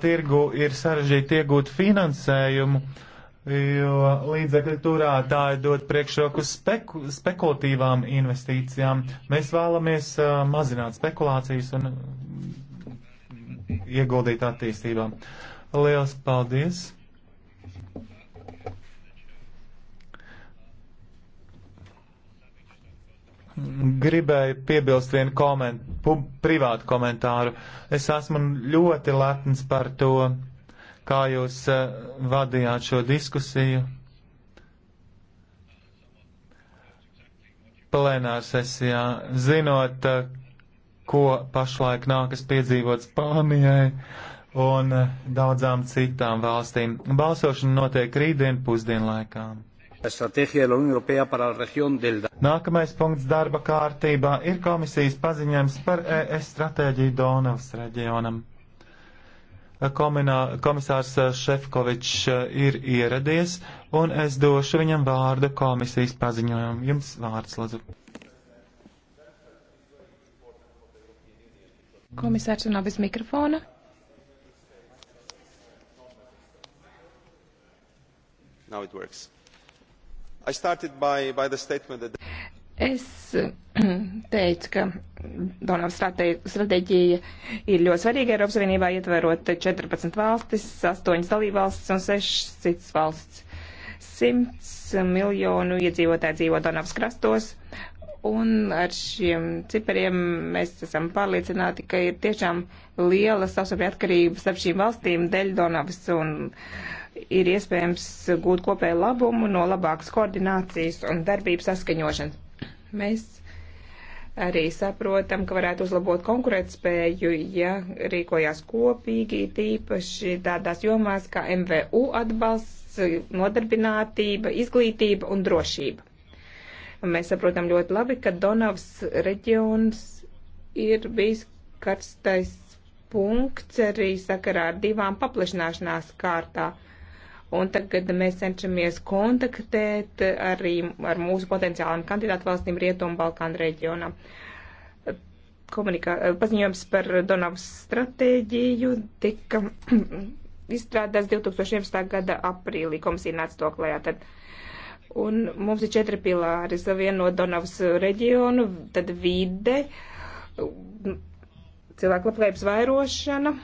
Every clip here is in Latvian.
tirgu ir sarežģīti iegūt finansējumu, jo līdzekļu turētāji dod priekšroku speku, spekulatīvām investīcijām. Mēs vēlamies uh, mazināt spekulācijas un ieguldīt attīstībā. Lielas paldies! gribēju piebilst vienu koment, privātu komentāru. Es esmu ļoti lepns par to, kā jūs eh, vadījāt šo diskusiju. Plenāra sesijā, zinot, eh, ko pašlaik nākas piedzīvot Spānijai un eh, daudzām citām valstīm. Balsošana notiek rītdien pusdienlaikām. Nākamais punkts darba kārtībā ir komisijas paziņojums par ES stratēģiju Donavas reģionam. Kominā, komisārs Šefkovičs ir ieradies, un es došu viņam vārdu komisijas paziņojumu. Jums vārds, Lūdzu. Komisārs runā bez mikrofona. Now it works. By, by that... Es teicu, ka Donavas stratēģija ir ļoti svarīga Eiropas Savienībā, ietverot 14 valstis, 8 dalībvalstis un 6 citas valsts. 100 miljonu iedzīvotāji dzīvo Donavas krastos, un ar šiem cipariem mēs esam pārliecināti, ka ir tiešām liela savstarpēja atkarība starp šīm valstīm dēļ Donavas un. Uh, ir iespējams gūt kopēju labumu no labākas koordinācijas un darbības saskaņošanas. Mēs arī saprotam, ka varētu uzlabot konkurētspēju, ja rīkojās kopīgi, tīpaši tādās jomās kā MVU atbalsts, nodarbinātība, izglītība un drošība. Mēs saprotam ļoti labi, ka Donavas reģions ir bijis karstais punkts arī sakarā ar divām paplašināšanās kārtām Un tagad mēs cenšamies kontaktēt arī ar mūsu potenciālām kandidātu valstīm Rietumu Balkānu reģionā. Komunikā, paziņojums par Donavas stratēģiju tika izstrādāts 2011. gada aprīlī, komisija nāca to klajā tad. Un mums ir četri pilāri, viena no Donavas reģionu, tad vide, cilvēku labklājības vairošana,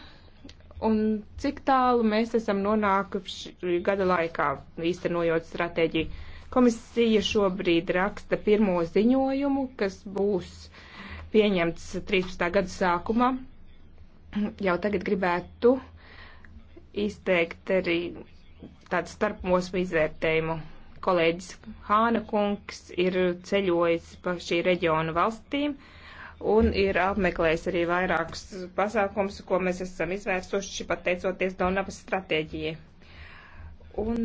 un cik tālu mēs esam nonākuši gada laikā īstenojot stratēģiju. Komisija šobrīd raksta pirmo ziņojumu, kas būs pieņemts 13. gada sākumā. Jau tagad gribētu izteikt arī tādu starpmosmu izvērtējumu. Kolēģis Hāna kungs ir ceļojis pa šī reģiona valstīm. Uh, un ir apmeklējis arī vairākus pasākums, ko mēs esam izvērsuši pateicoties Donavas stratēģijai. Un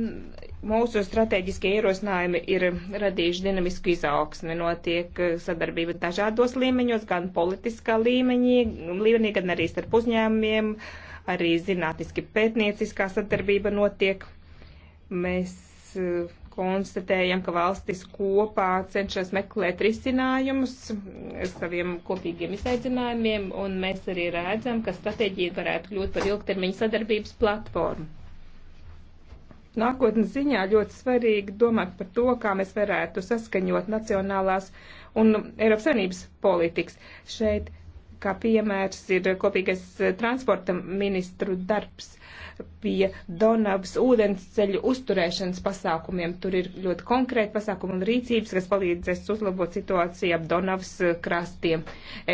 mūsu strateģiskie ierosinājumi ir radījuši dinamisku izaugsmi. Notiek sadarbība dažādos līmeņos, gan politiskā līmeņī, līmenī, gan arī starp uzņēmumiem, arī zinātniski pētnieciskā sadarbība notiek. Mēs uh, konstatējam, ka valstis kopā cenšas meklēt risinājumus saviem kopīgiem izaicinājumiem, un mēs arī redzam, ka stratēģija varētu kļūt par ilgtermiņa sadarbības platformu. Nākotnes ziņā ļoti svarīgi domāt par to, kā mēs varētu saskaņot nacionālās un Eiropas Savienības politikas. Šeit Kā piemērs ir kopīgais eh, transporta ministru darbs pie Donavas ūdensceļu uzturēšanas pasākumiem. Tur ir ļoti konkrēti pasākumi un rīcības, kas palīdzēs uzlabot situāciju ap Donavas eh, krastiem.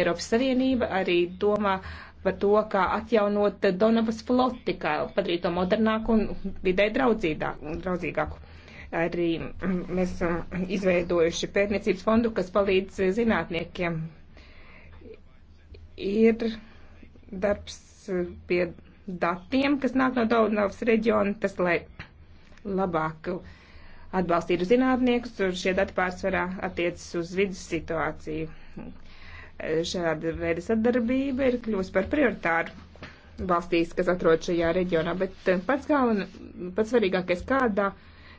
Eiropas Savienība arī domā par to, kā atjaunot Donavas floti, kā padarīt to modernāku un vidē draudzīgāku arī mm, mēs esam mm, izveidojuši pētniecības fondu, kas palīdz eh, zinātniekiem ir darbs pie datiem, kas nāk no Daunavas reģiona, tas, lai labāk atbalstītu zinātniekus, un šie dati pārsvarā attiecas uz vidas situāciju. Šāda veida sadarbība ir kļūst par prioritāru valstīs, kas atrod šajā reģionā, bet pats galven, pats svarīgākais kādā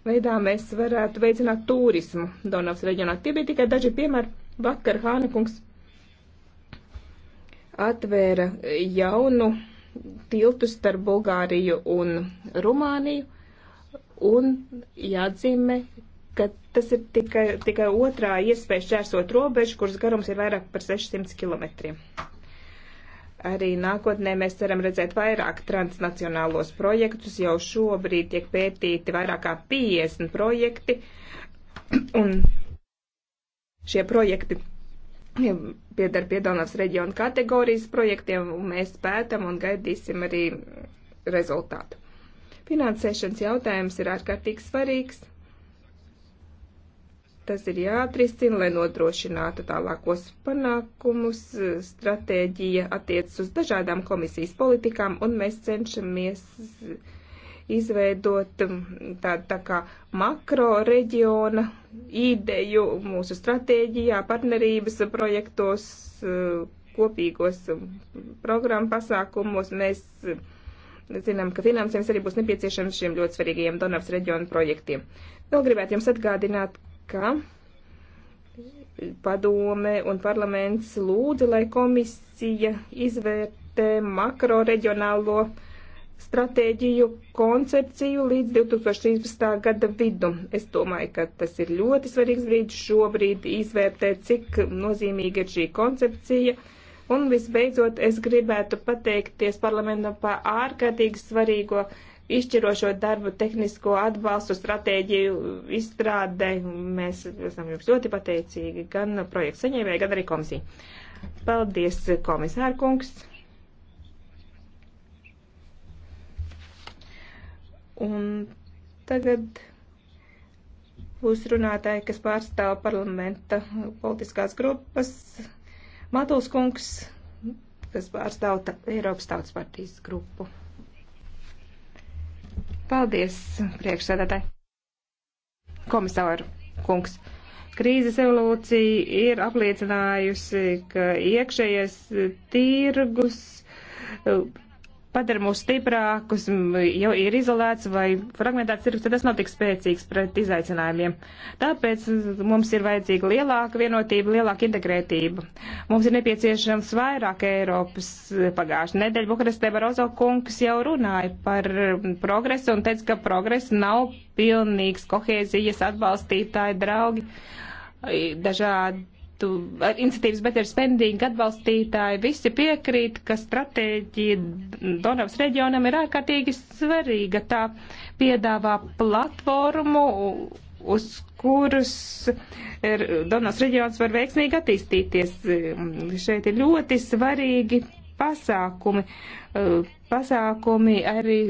veidā mēs varētu veicināt turismu Donavas reģionā. Tie bija tikai daži piemēri. Vakar Hānekungs atvēra jaunu tiltu starp Bulgāriju un Rumāniju, un jāatzīmē, ka tas ir tikai, tikai otrā iespēja šķērsot robežu, kuras garums ir vairāk par 600 km. Arī nākotnē mēs ceram redzēt vairāk transnacionālos projektus, jau šobrīd tiek pētīti vairāk kā 50 projekti, un šie projekti piedar pie Donavas reģiona kategorijas projektiem, un mēs pētam un gaidīsim arī rezultātu. Finansēšanas jautājums ir ārkārtīgi svarīgs. Tas ir jāatrisina, lai nodrošinātu tālākos panākumus. Stratēģija attiecas uz dažādām komisijas politikām, un mēs cenšamies uh, izveidot mm, tādu tā kā makro reģiona ideju mūsu stratēģijā, partnerības projektos, mm, kopīgos mm, programmu pasākumos. Mēs zinām, ka finansējums arī būs nepieciešams šiem ļoti svarīgajiem Donavas reģionu projektiem. Vēl gribētu jums atgādināt, ka padome un parlaments lūdza, lai komisija izvērtē makro reģionālo uh, stratēģiju, koncepciju līdz 2013. gada vidu. Es domāju, ka tas ir ļoti svarīgs brīdis šobrīd izvērtēt, cik nozīmīga ir šī koncepcija. Un visbeidzot, es gribētu pateikties parlamentam par ārkārtīgi svarīgo izšķirošo darbu, tehnisko atbalstu, stratēģiju izstrādē. Mēs esam jums ļoti pateicīgi gan projekta saņēmēji, gan arī komisija. Paldies, komisārkungs! Un tagad būs runātāji, kas pārstāv parlamenta politiskās grupas. Matuls kungs, kas pārstāv ta Eiropas tautas partijas grupu. Paldies, priekšsēdētāji. Komisāru kungs. Krīzes evolūcija ir apliecinājusi, ka iekšējais tirgus padara mūs stiprākus, jau ir izolēts vai fragmentēts tirgus, tad tas nav tik spēcīgs pret izaicinājumiem. Tāpēc mums ir vajadzīga lielāka vienotība, lielāka integrētība. Mums ir nepieciešams vairāk Eiropas e, pagājušajā nedēļā. Bukarestē Barozo kungs jau runāja par progresu un teica, ka progress nav pilnīgs kohēzijas atbalstītāji draugi e, dažādi budžetu, ar iniciatīvas bet ir spendīgi atbalstītāji, visi piekrīt, ka stratēģija Donavas reģionam ir ārkārtīgi svarīga. Tā piedāvā platformu, uz kuras er, Donavas reģions var veiksmīgi attīstīties. Šeit ir ļoti svarīgi pasākumi. Pasākumi arī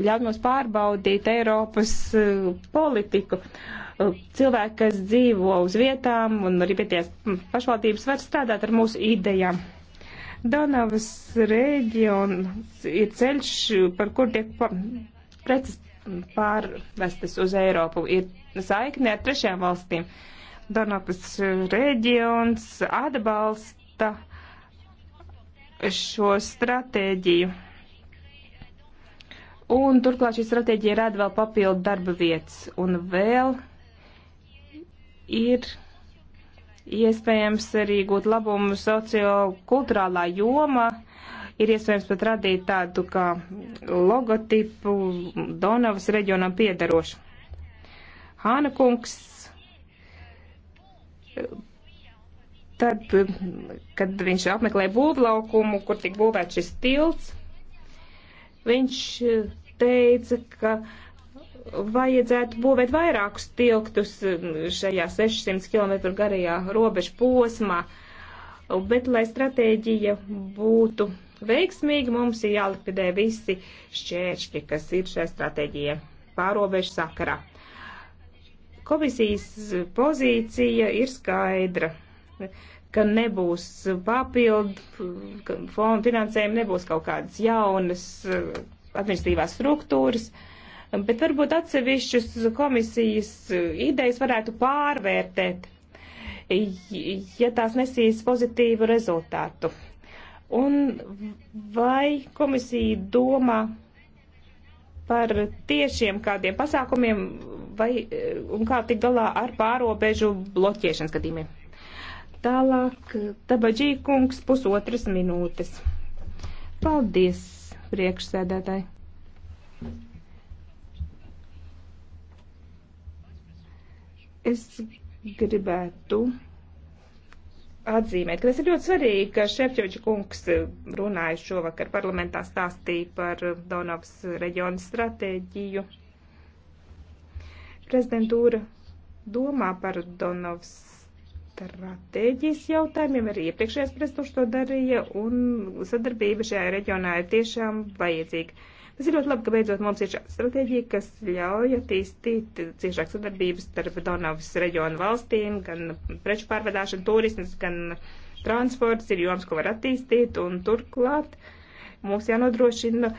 ļauj mums pārbaudīt Eiropas politiku. Uh, cilvēki, kas dzīvo uz vietām un arī pieties pašvaldības var strādāt ar mūsu idejām. Donavas reģions ir ceļš, par kur tiek preces pārvestas uz Eiropu, ir saikne ar trešajām valstīm. Donavas reģions atbalsta šo stratēģiju. Un turklāt šī stratēģija rada vēl papildu darba vietas un vēl ir iespējams arī gūt labumu sociokulturālā joma, ir iespējams pat radīt tādu kā logotipu Donavas reģionam piedarošu. Hāna kungs, tad, kad viņš apmeklē būvlaukumu, kur tik būvēt šis tilts, viņš teica, ka vajadzētu būvēt vairākus tilktus um, šajā 600 km garajā robežu posmā, bet, lai stratēģija būtu veiksmīga, mums ir jālikvidē visi šķēršļi, kas ir šajā stratēģijā pārobežu sakarā. Komisijas pozīcija ir skaidra ka nebūs papildu fondu finansējumu, nebūs kaut kādas jaunas uh, administratīvās struktūras, uh, bet varbūt atsevišķus komisijas idejas varētu pārvērtēt, ja tās nesīs pozitīvu rezultātu. Un vai komisija domā par tiešiem kādiem pasākumiem vai, un kā tik galā ar pārobežu bloķēšanas gadījumiem? Tālāk, Tabadžī kungs, pusotras minūtes. Paldies, priekšsēdētāji! Es gribētu atzīmēt, ka tas ir ļoti svarīgi, ka Šefčoviča kungs runāja šovakar parlamentā stāstīja par Donavas reģiona stratēģiju. Prezidentūra domā par Donavas stratēģijas jautājumiem, arī iepriekšējais prezidents to darīja, un sadarbība šajā reģionā ir tiešām vajadzīga. Tas ir ļoti labi, ka beidzot mums ir šāda stratēģija, kas ļauj attīstīt ciešāk sadarbības starp Donavas reģionu valstīm, gan preču pārvedāšana, turismas, gan transports ir joms, ko var attīstīt, un turklāt mums jānodrošina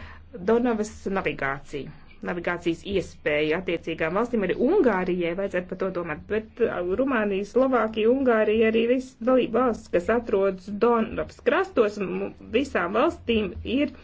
Donavas navigācija navigācijas iespēja attiecīgām valstīm, arī Ungārijai vajadzētu par to domāt, bet uh, Rumānija, Slovākija, Ungārija arī viss dalība valsts, kas atrodas Donavas krastos, visām valstīm ir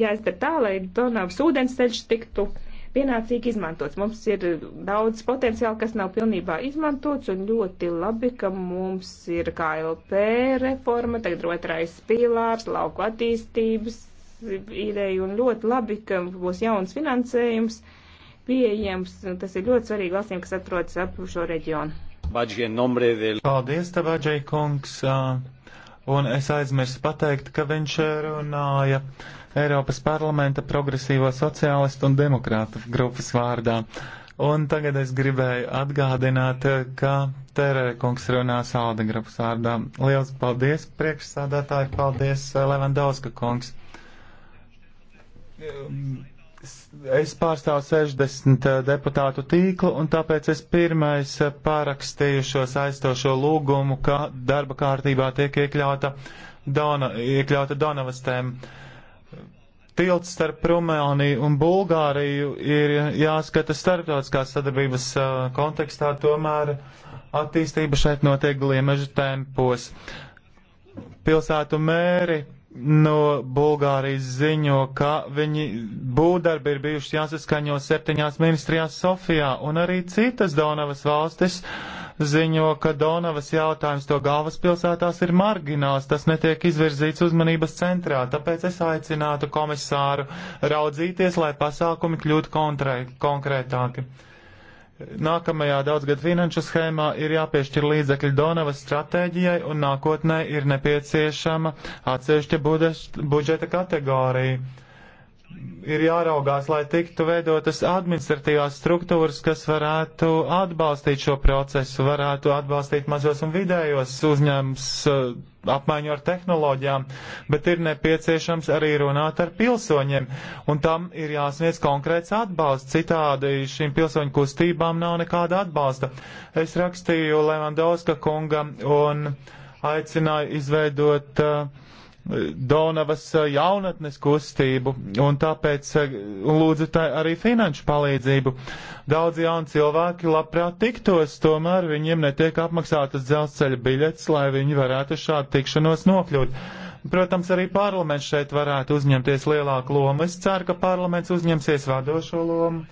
jāizdara tā, lai Donavas ūdensceļš tiktu pienācīgi izmantots. Mums ir daudz potenciāla, kas nav pilnībā izmantots, un ļoti labi, ka mums ir KLP reforma, tagad otrais pīlārs, lauku attīstības ideja, un ļoti labi, ka būs jauns finansējums pieejams, un tas ir ļoti svarīgi valstīm, kas atrodas ap šo reģionu. Paldies, Tavadžai kungs, un es aizmirsu pateikt, ka viņš runāja. Uh, Eiropas parlamenta progresīvo sociālistu un demokrātu grupas vārdā. Un tagad es gribēju atgādināt, ka Terere kungs runās Alde grupas vārdā. Liels paldies, priekšsādātāji, paldies, eh, Levandauska kungs. Es pārstāvu 60 eh, deputātu tīklu, un tāpēc es pirmais eh, pārakstīju šo saistošo lūgumu, ka darba kārtībā tiek iekļauta, Dona, iekļauta Donavas tēma tilts starp Rumāniju un Bulgāriju ir jāskata starptautiskās sadarbības uh, kontekstā, tomēr attīstība šeit notiek gliemežu tempos. Pilsētu mēri no Bulgārijas ziņo, ka viņi būdarbi ir bijuši jāsaskaņo septiņās ministrijās Sofijā un arī citas Donavas valstis. Uh, ziņo, ka Donavas jautājums to galvaspilsētās ir margināls, tas netiek izvirzīts uzmanības centrā, tāpēc es aicinātu komisāru raudzīties, lai pasākumi kļūtu kontrē, konkrētāki. Nākamajā daudzgad finanšu schēmā ir jāpiešķir līdzekļi Donavas stratēģijai un nākotnē ir nepieciešama atsevišķa budžeta kategorija ir jāraugās, lai tiktu veidotas administratīvās struktūras, kas varētu atbalstīt šo procesu, varētu atbalstīt mazos un vidējos uzņēmums eh, apmaiņu ar tehnoloģijām, bet ir nepieciešams arī runāt ar pilsoņiem, un tam ir jāsniedz konkrēts atbalsts, citādi šīm pilsoņu kustībām nav nekāda atbalsta. Es rakstīju Levandovska kungam un aicināju izveidot uh, Donavas eh, jaunatnes kustību, un tāpēc eh, lūdzu tā arī finanšu palīdzību. Daudz jauni cilvēki labprāt tiktos, tomēr viņiem netiek apmaksātas dzelzceļa biļetes, lai viņi varētu šādu tikšanos nokļūt. Protams, arī parlaments šeit varētu uzņemties lielāku lomu. Es ceru, ka parlaments uzņemsies vadošo lomu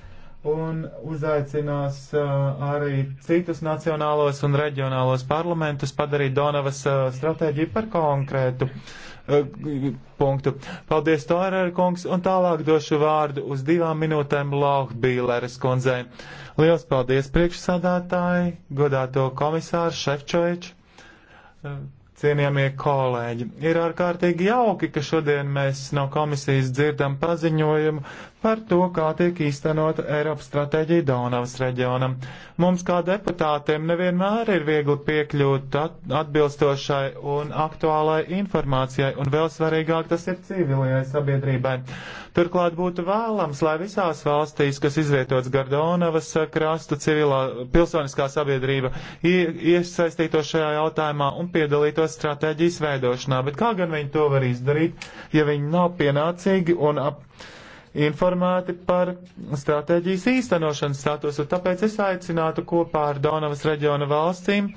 un uzaicinās uh, arī citus nacionālos un reģionālos parlamentus padarīt Donavas uh, stratēģiju par konkrētu. Uh, punktu. Paldies, Tārēra kungs, un tālāk došu vārdu uz divām minūtēm Lauhbīleres kundzei. Liels paldies priekšsādātāji, godāto komisāru Šefčoviču. Cienījamie kolēģi, ir ārkārtīgi jauki, ka šodien mēs no komisijas dzirdam paziņojumu par to, kā tiek īstenota Eiropas stratēģija Donavas reģionam. Mums kā deputātiem nevienmēr ir viegli piekļūt atbilstošai un aktuālai informācijai, un vēl svarīgāk tas ir civilajai sabiedrībai. Turklāt būtu vēlams, lai visās valstīs, kas izvietots gar Donavas krastu, civilā pilsoniskā sabiedrība iesaistītos šajā jautājumā un piedalītos stratēģijas veidošanā, bet kā gan viņi to var izdarīt, ja viņi nav pienācīgi un ap informēti par stratēģijas īstenošanas statusu. Tāpēc es aicinātu kopā ar Donavas reģiona valstīm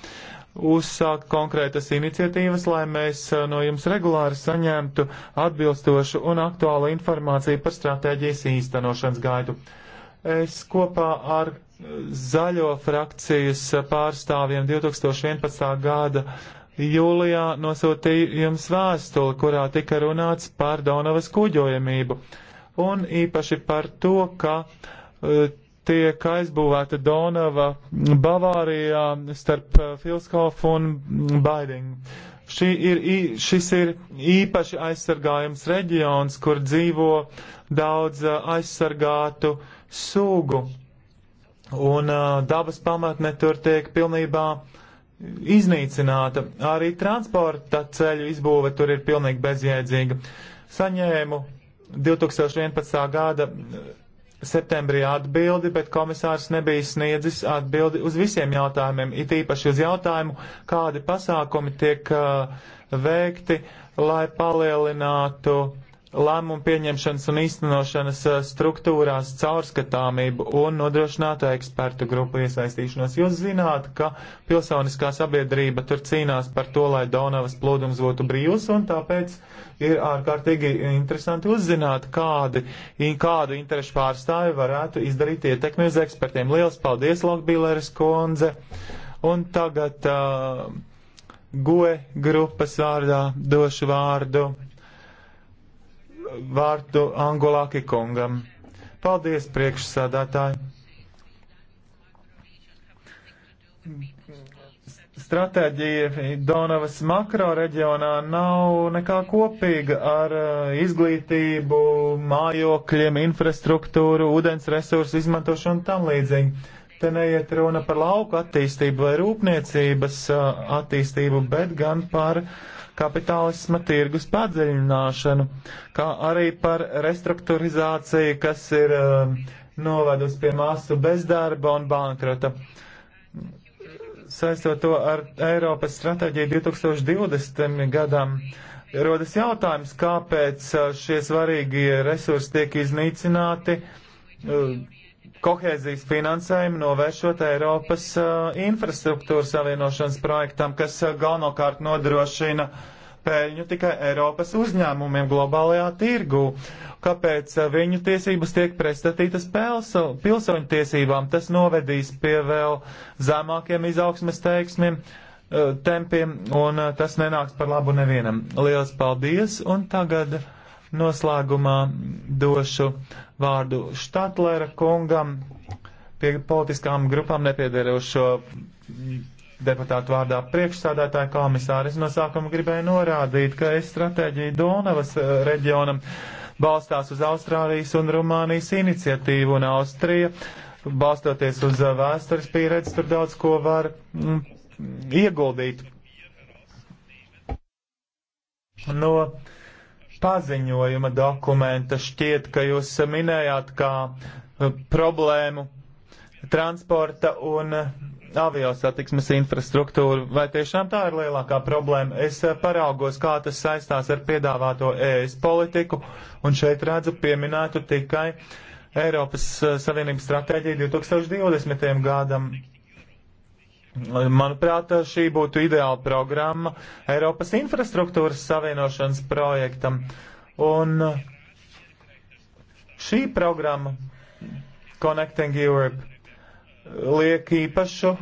uzsākt konkrētas iniciatīvas, lai mēs eh, no jums regulāri saņemtu atbilstošu un aktuālu informāciju par stratēģijas īstenošanas gaidu. Es kopā ar zaļo frakcijas pārstāvjiem 2011. gada jūlijā nosūtīju jums vēstuli, kurā tika runāts par Donavas kuģojamību. Uh, un īpaši par to, ka uh, tiek aizbūvēta Donava Bavārijā starp e, Filskofu un Baidingu. Šī ir, šis ir īpaši aizsargājums reģions, kur dzīvo daudz e, aizsargātu sugu, un uh, dabas pamatne tur tiek pilnībā iznīcināta. Arī transporta ceļu izbūve tur ir pilnīgi bezjēdzīga. Saņēmu 2011. gada eh, septembrī atbildi, bet komisārs nebija sniedzis atbildi uz visiem jautājumiem, it īpaši uz jautājumu, kādi pasākumi tiek uh, veikti, lai palielinātu uh, lēmumu pieņemšanas un īstenošanas eh, struktūrās caurskatāmību un nodrošinātu ekspertu grupu iesaistīšanos. Jūs zināt, ka pilsoniskā sabiedrība tur cīnās par to, lai Donavas plūdums būtu brīvs, un tāpēc ir ārkārtīgi interesanti uzzināt, kādi, kādu interešu pārstāvi varētu izdarīt ietekmi uz ekspertiem. Liels paldies, Lokbīleres kundze! Un tagad uh, eh, goe grupas vārdā došu vārdu vārtu Angolāki kungam. Paldies, priekšsādātāji! Stratēģija Donavas makro reģionā nav nekā kopīga ar eh, izglītību, mājokļiem, infrastruktūru, ūdens resursu izmantošanu un tam līdzīgi. Te neiet runa par lauku attīstību vai rūpniecības eh, attīstību, bet gan par uh, kapitālisma tirgus padziļināšanu, kā arī par restruktūrizāciju, kas ir uh, um, novedusi pie māsu bezdarba un bankrota. Saistot to ar Eiropas stratēģiju 2020. gadam, rodas jautājums, kāpēc uh, šie svarīgie resursi tiek iznīcināti. Uh, kohēzijas finansējumu novēršot Eiropas uh, infrastruktūras savienošanas projektam, kas uh, galvenokārt nodrošina peļņu tikai Eiropas uzņēmumiem globālajā tirgū. Kāpēc uh, viņu tiesības tiek pretstatītas pilsoņu tiesībām? Tas novedīs pie vēl zemākiem izaugsmes teiksmiem, uh, tempiem, un uh, tas nenāks par labu nevienam. Lielas paldies, un tagad. Noslēgumā došu vārdu Štatlera kungam pie politiskām grupām nepiedarošo deputātu vārdā priekšsādātāja komisāris. No sākuma gribēju norādīt, ka es stratēģiju Donavas eh, reģionam balstās uz Austrālijas un Rumānijas iniciatīvu un Austrija, balstoties uz eh, vēstures pieredzi, tur daudz ko var mm, ieguldīt. No paziņojuma dokumenta šķiet, ka jūs minējāt kā eh, problēmu transporta un eh, aviosatiksmes infrastruktūru. Vai tiešām tā ir lielākā problēma? Es eh, paraugos, kā tas saistās ar piedāvāto ES politiku, un šeit redzu pieminētu tikai Eiropas Savienības stratēģiju 2020. gadam. Manuprāt, šī būtu ideāla programma Eiropas infrastruktūras savienošanas projektam. Un šī programma Connecting Europe liek īpašu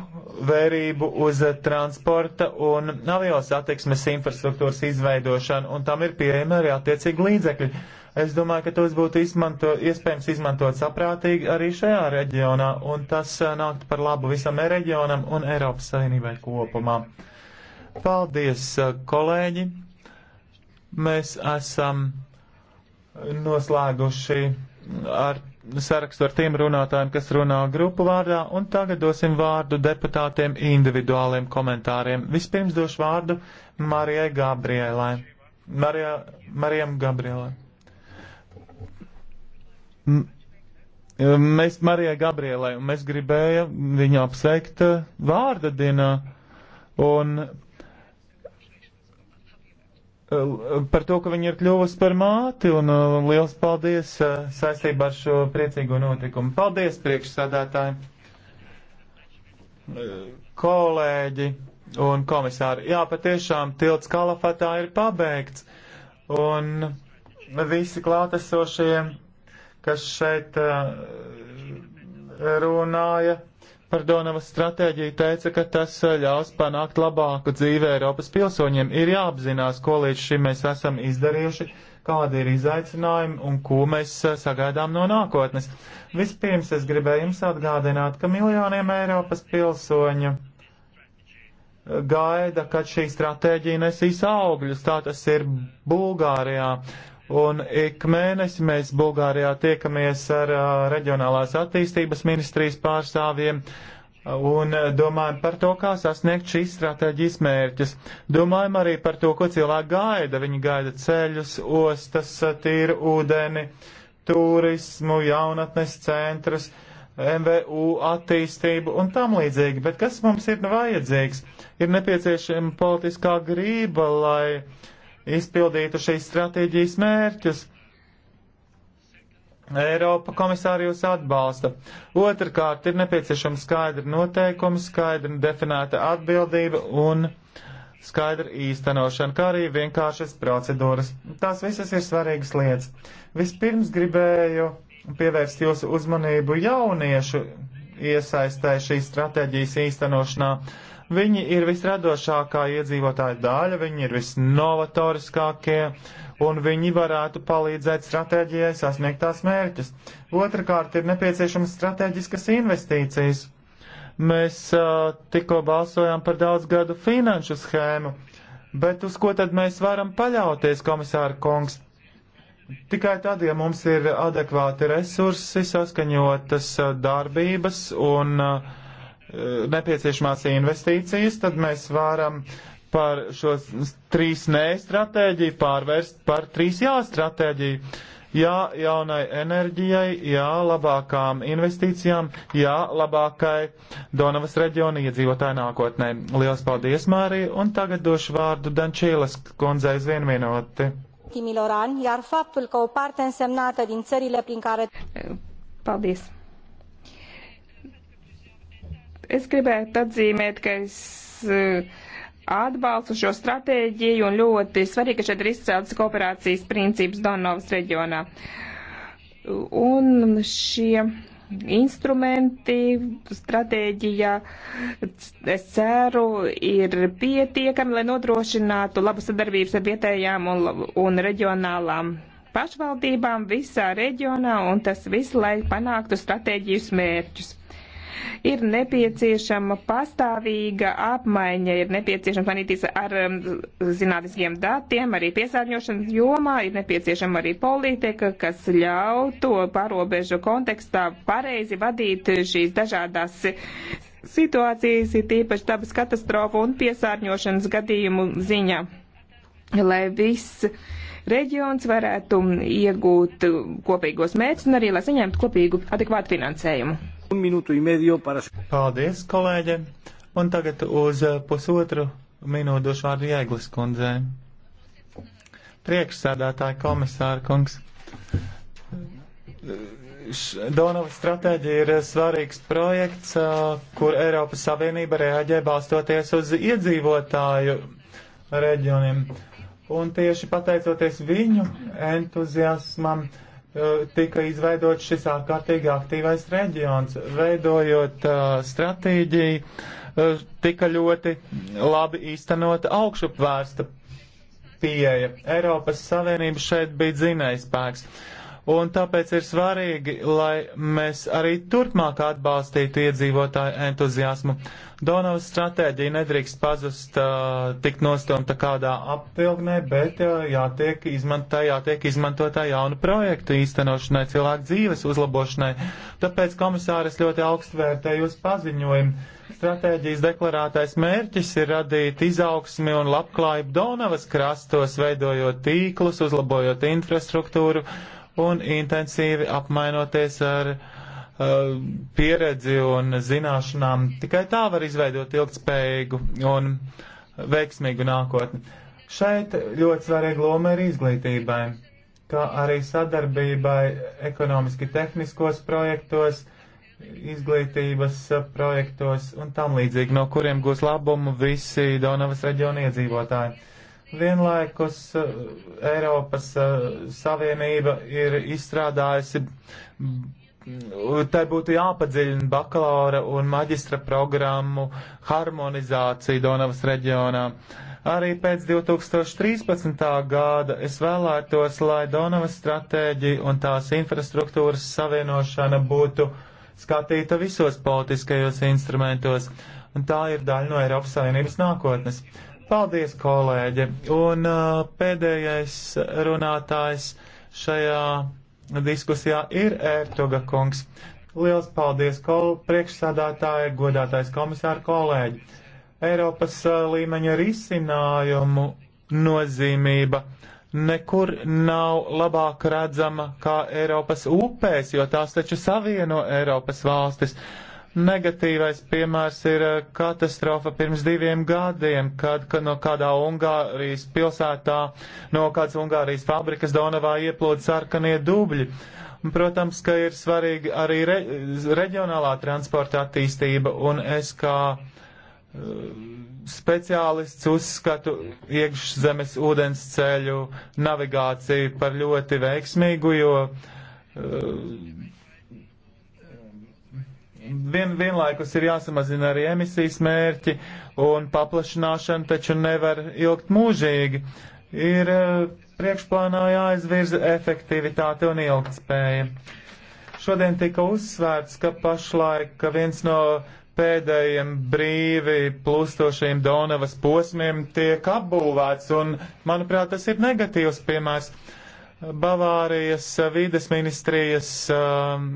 vērību uz transporta un avio satiksmes infrastruktūras izveidošanu, un tam ir pieejama arī attiecīgi līdzekļi. Es domāju, ka tos būtu izmanto, iespējams izmantot saprātīgi arī šajā reģionā, un tas nākt par labu visam e reģionam un Eiropas Savienībai kopumā. Paldies, kolēģi! Mēs esam noslēguši ar sarakstu ar tiem runātājiem, kas runā grupu vārdā, un tagad dosim vārdu deputātiem individuāliem komentāriem. Vispirms došu vārdu Marijai Gabrielai. Marijam Gabrielai. Mēs Marijai Gabrielai, un mēs gribējām viņu apsveikt uh, vārda dienā. Un uh, par to, ka viņa ir kļuvusi par māti, un uh, liels paldies saistībā ar šo priecīgo notikumu. Paldies priekšsādātāji, kolēģi un komisāri. Jā, patiešām tilts kalafatā ir pabeigts, un visi klātesošie kas šeit uh, runāja par Donavas stratēģiju, teica, ka tas uh, ļaus panākt labāku dzīvi Eiropas pilsoņiem. Ir jāapzinās, ko līdz šim mēs esam izdarījuši, kādi ir izaicinājumi un ko mēs uh, sagaidām no nākotnes. Vispirms es gribēju jums atgādināt, ka miljoniem Eiropas pilsoņu gaida, kad šī stratēģija nesīs augļus. Tā tas ir Bulgārijā. Un ik mēnesi mēs Bulgārijā tiekamies ar uh, reģionālās attīstības ministrijas pārstāvjiem un uh, domājam par to, kā sasniegt šīs stratēģijas mērķus. Domājam arī par to, ko cilvēki gaida. Viņi gaida ceļus, ostas, tīru ūdeni, turismu, jaunatnes centrus, MVU attīstību un tam līdzīgi. Bet kas mums ir vajadzīgs? Ir nepieciešama politiskā grība, lai uh, izpildītu šīs stratēģijas mērķus. Eiropa komisāri jūs atbalsta. Otrakārt, ir nepieciešama skaidra noteikuma, skaidra definēta atbildība un skaidra īstenošana, kā arī vienkāršas procedūras. Tās visas ir svarīgas lietas. Vispirms gribēju pievērst jūsu uzmanību jauniešu iesaistē šīs stratēģijas īstenošanā. Uh, Viņi ir visradošākā iedzīvotāja daļa, viņi ir visnovatoriskākie, un viņi varētu palīdzēt stratēģijai sasniegt tās mērķus. Otrakārt, ir nepieciešamas stratēģiskas investīcijas. Mēs uh, tikko balsojām par daudzgadu finanšu schēmu, bet uz ko tad mēs varam paļauties, komisāra kungs? Tikai tad, ja mums ir adekvāti resursi, saskaņotas darbības un uh, Eh, nepieciešamās investīcijas, tad mēs varam par šo trīs nē stratēģiju pārvērst par trīs jā stratēģiju. Jā jaunai enerģijai, jā labākām investīcijām, jā labākai Donavas reģiona iedzīvotāju nākotnē. Lielas paldies, Mārija, un tagad došu vārdu Dančīlas kundzei uz vienu minūti. Timilor ani, iar faptul că o parte însemnată din țările prin care... Paldies. Es gribētu atzīmēt, ka es eh, atbalstu šo stratēģiju un ļoti svarīgi, ka šeit ir izceltas kooperācijas princips Donovas reģionā. Un šie instrumenti stratēģijā, es ceru, ir pietiekami, lai nodrošinātu labu sadarbības ar vietējām un, un reģionālām pašvaldībām visā reģionā, un tas viss, lai panāktu stratēģijas mērķus. Ir nepieciešama pastāvīga apmaiņa, ir nepieciešams mainīties ar um, zinātniskiem datiem, arī piesārņošanas jomā, ir nepieciešama arī politika, kas ļautu parobežu kontekstā pareizi vadīt šīs dažādās situācijas, ir tīpaši dabas katastrofu un piesārņošanas gadījumu ziņā, lai viss reģions varētu iegūt kopīgos mērķus un arī, lai saņemtu kopīgu adekvātu finansējumu. Paldies, kolēģi! Un tagad uz eh, pusotru minūtu došu vārdu Jēglis kundzē. Priekšsēdētāja komisāra kungs. Donava stratēģija ir svarīgs projekts, eh, kur Eiropas Savienība reaģē balstoties uz iedzīvotāju reģioniem. Un tieši pateicoties viņu entuziasmam, uh, Eh, tika izveidots šis ārkārtīgi aktīvais reģions. Veidojot uh, stratēģiju, uh, tika ļoti labi īstenota augšupvērsta pieeja. Eiropas Savienība šeit bija dzinējspēks. Uh, un tāpēc ir svarīgi, lai mēs arī turpmāk atbalstītu iedzīvotāju entuziasmu. Donavas stratēģija nedrīkst pazust, uh, tikt nostumta kādā apvilgnē, bet uh, jātiek, izmantā, jātiek izmantotā jaunu projektu īstenošanai, cilvēku dzīves uzlabošanai. Tāpēc komisāris ļoti augstu vērtēju uz paziņojumu. Stratēģijas deklarētais mērķis ir radīt izaugsmi un labklājību Donavas krastos, veidojot tīklus, uzlabojot infrastruktūru un intensīvi apmainoties ar uh, pieredzi un zināšanām. Tikai tā var izveidot ilgspējīgu un veiksmīgu nākotni. Šeit ļoti svarīga loma ir izglītībai, kā arī sadarbībai ekonomiski tehniskos projektos, izglītības uh, projektos un tam līdzīgi, no kuriem gūs labumu visi Donavas reģiona iedzīvotāji. Vienlaikus eh, Eiropas eh, Savienība ir izstrādājusi, mm, tai būtu jāpadziļina bakalaura un maģistra programmu harmonizāciju Donavas reģionā. Arī pēc 2013. gada es vēlētos, lai Donavas stratēģija un tās infrastruktūras savienošana būtu skatīta visos politiskajos instrumentos, un tā ir daļa no Eiropas Savienības nākotnes. Paldies, kolēģi! Un uh, pēdējais runātājs šajā diskusijā ir Ertuga kungs. Liels paldies kol priekšsādātāji, godātais komisāra kolēģi! Eiropas uh, līmeņa risinājumu nozīmība nekur nav labāk redzama kā Eiropas upēs, jo tās taču savieno Eiropas valstis. Uh, Negatīvais piemērs ir eh, katastrofa pirms diviem gadiem, kad, kad no kādā Ungārijas pilsētā, no kādas Ungārijas fabrikas Donavā ieplūda sarkanie dubļi. Protams, ka ir svarīgi arī re, reģionālā transporta attīstība, un es kā eh, speciālists uzskatu iekšzemes ūdens ceļu navigāciju par ļoti veiksmīgu, jo uh, Vien, vienlaikus ir jāsamazina arī emisijas mērķi, un paplašināšana taču nevar ilgt mūžīgi. Ir eh, priekšplānā jāizvirza efektivitāte un ilgtspēja. Šodien tika uzsvērts, ka pašlaik ka viens no pēdējiem brīvi plūstošiem Donavas posmiem tiek apbūvēts, un, manuprāt, tas ir negatīvs piemērs. Bavārijas vīdes ministrijas um,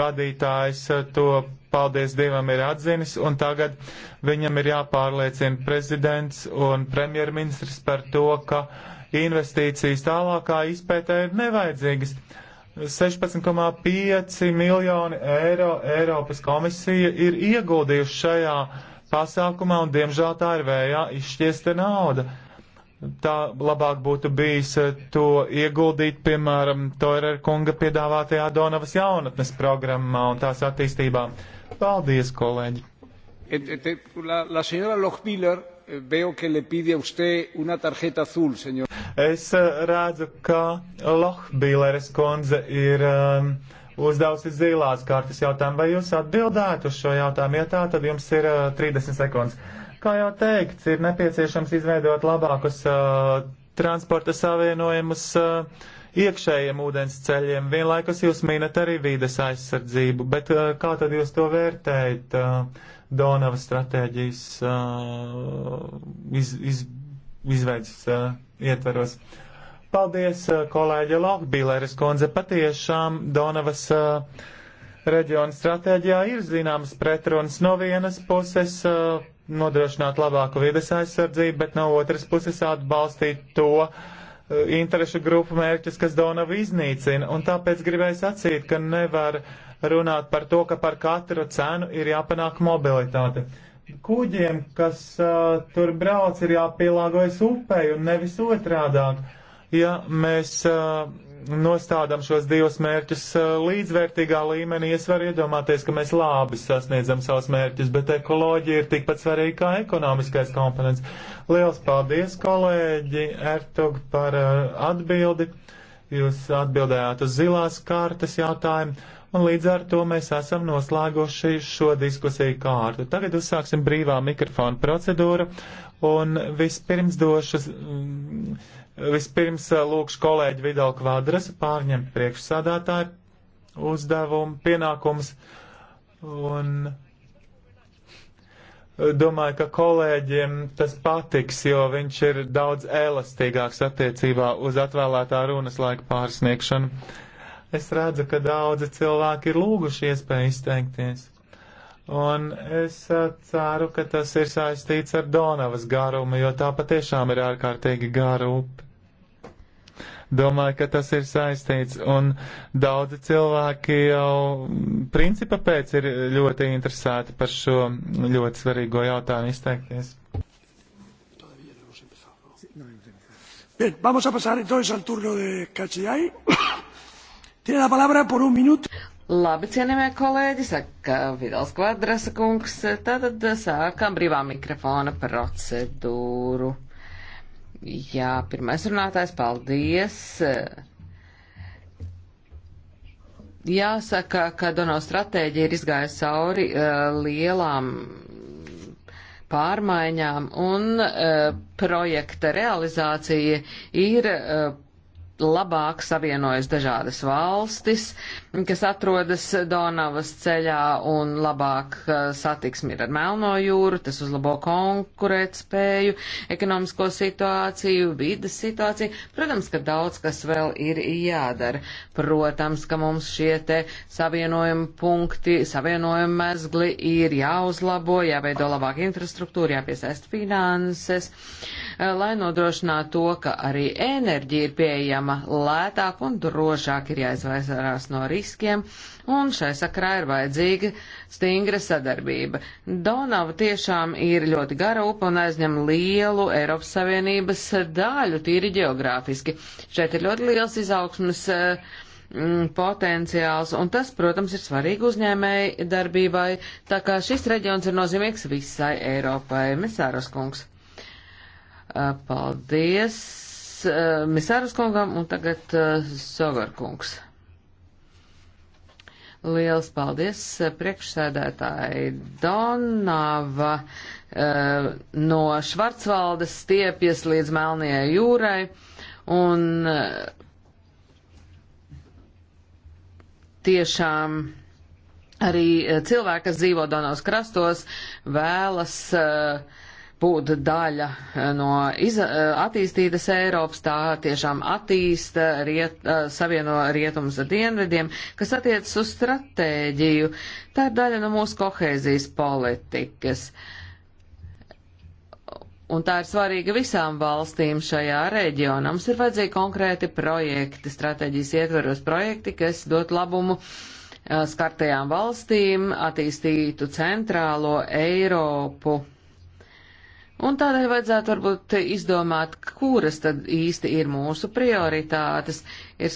vadītājs uh, to, paldies Dievam, ir atzinis, un tagad viņam ir jāpārliecina prezidents un premjerministrs par to, ka investīcijas tālākā izpētē ir nevajadzīgas. 16,5 miljoni eiro Eiropas komisija ir ieguldījuši šajā pasākumā, un diemžēl tā ir vējā izšķiesta nauda tā labāk būtu bijis eh, to ieguldīt, piemēram, Toirer kunga piedāvātajā Donavas jaunatnes programmā un tās attīstībā. Paldies, kolēģi! La, la señora Lochbiller eh, veo que le pide a usted una tarjeta azul, señor. Es eh, redzu, ka Lohbīleres kundze ir um, uzdevusi zilās kārtas jautājumu. Vai jūs atbildētu uz šo jautājumu? Ja tā, tad jums ir uh, 30 sekundes. Kā jau teikts, ir nepieciešams izveidot labākus uh, transporta savienojumus uh, iekšējiem ūdens ceļiem. Vienlaikus jūs minat arī vīdes aizsardzību, bet uh, kā tad jūs to vērtējat uh, Donava stratēģijas uh, iz, iz, izveids uh, ietveros? Paldies, uh, kolēģa Lohbīleres kundze. Patiešām Donavas. Uh, reģiona stratēģijā ir zināmas pretrunas. No vienas puses uh, nodrošināt labāku vides aizsardzību, bet no otras puses atbalstīt to eh, interešu grupu mērķus, kas Donavu iznīcina. Un tāpēc gribēju sacīt, ka nevar runāt par to, ka par katru cenu ir jāpanāk mobilitāte. Kuģiem, kas uh, tur brauc, ir jāpielāgojas upei un nevis otrādāk. Ja mēs uh, nostādam šos divus mērķus uh, līdzvērtīgā līmenī, es varu iedomāties, ka mēs labi sasniedzam savus mērķus, bet ekoloģija ir tikpat svarīga kā ekonomiskais komponents. Liels paldies, kolēģi Ertug, par uh, atbildi. Jūs atbildējāt uz zilās kārtas jautājumu, un līdz ar to mēs esam noslēguši šo diskusiju kārtu. Tagad uzsāksim brīvā mikrofona procedūru, un vispirms došas. Mm, Vispirms eh, lūkšu kolēģi Vidal Kvadras pārņemt priekšsādātāju uzdevumu, pienākumus, un eh, domāju, ka kolēģiem tas patiks, jo viņš ir daudz elastīgāks attiecībā uz atvēlētā runas laika pārsniegšanu. Es redzu, ka daudzi cilvēki ir lūguši iespēju izteikties. Un es eh, ceru, ka tas ir saistīts ar Donavas garumu, jo tā patiešām ir ārkārtīgi gara upe. Domāju, ka tas ir saistīts, un daudzi cilvēki jau principa pēc ir ļoti interesēti par šo ļoti svarīgo jautājumu izteikties. Bien, vamos a pasar entonces al turno de Cachiay. Tiene la palabra por un minuto. Labi, cienījamie kolēģi, saka Vidals Kvadrasa kungs, tātad sākam brīvā mikrofona procedūru. Jā, pirmais runātājs, paldies. Jāsaka, ka Dono stratēģija ir izgājusi cauri uh, lielām pārmaiņām un uh, projekta realizācija ir uh, labāk savienojas dažādas valstis, kas atrodas Donavas ceļā un labāk uh, satiksmi ir ar Melno jūru, tas uzlabo konkurētspēju, ekonomisko situāciju, vidas situāciju. Protams, ka daudz kas vēl ir jādara. Protams, ka mums šie te savienojuma punkti, savienojuma mezgli ir jāuzlabo, jāveido labāk infrastruktūra, jāpiesaist finanses, uh, lai nodrošinātu to, ka arī enerģija ir pieejama pieejama lētāk un drošāk, ir jāizvairās no riskiem, un šai sakrā ir vajadzīga stingra sadarbība. Donava tiešām ir ļoti gara upe un aizņem lielu Eiropas Savienības daļu, tīri geogrāfiski. Šeit ir ļoti liels izaugsmas mm, eh, potenciāls, un tas, protams, ir svarīgi uzņēmēji darbībai, tā kā šis reģions ir nozīmīgs visai Eiropai. Mesāras kungs. Eh, paldies! uh, eh, Misāras kungam un tagad uh, eh, Sogar kungs. Liels paldies eh, priekšsēdētāji Donava uh, no Švarcvaldes stiepjas līdz Melnijai jūrai un uh, tiešām arī cilvēki, kas dzīvo Donavas krastos, vēlas uh, būt daļa eh, no iz, eh, attīstītas Eiropas, tā tiešām attīsta, eh, riet, savieno rietums ar dienvidiem, kas attiecas uz stratēģiju. Tā ir daļa no mūsu kohēzijas politikas. Un tā ir svarīga visām valstīm šajā reģionā. Mums ir vajadzīgi konkrēti projekti, stratēģijas ietveros projekti, kas dot labumu skartajām valstīm, attīstītu centrālo Eiropu Un tādēļ vajadzētu varbūt izdomāt, kuras tad īsti ir mūsu prioritātes. Ir